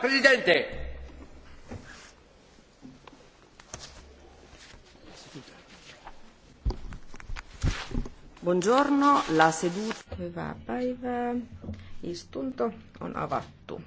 Presidente! Buongiorno, la seduta. Hyvää päivää. Istunto on avattu.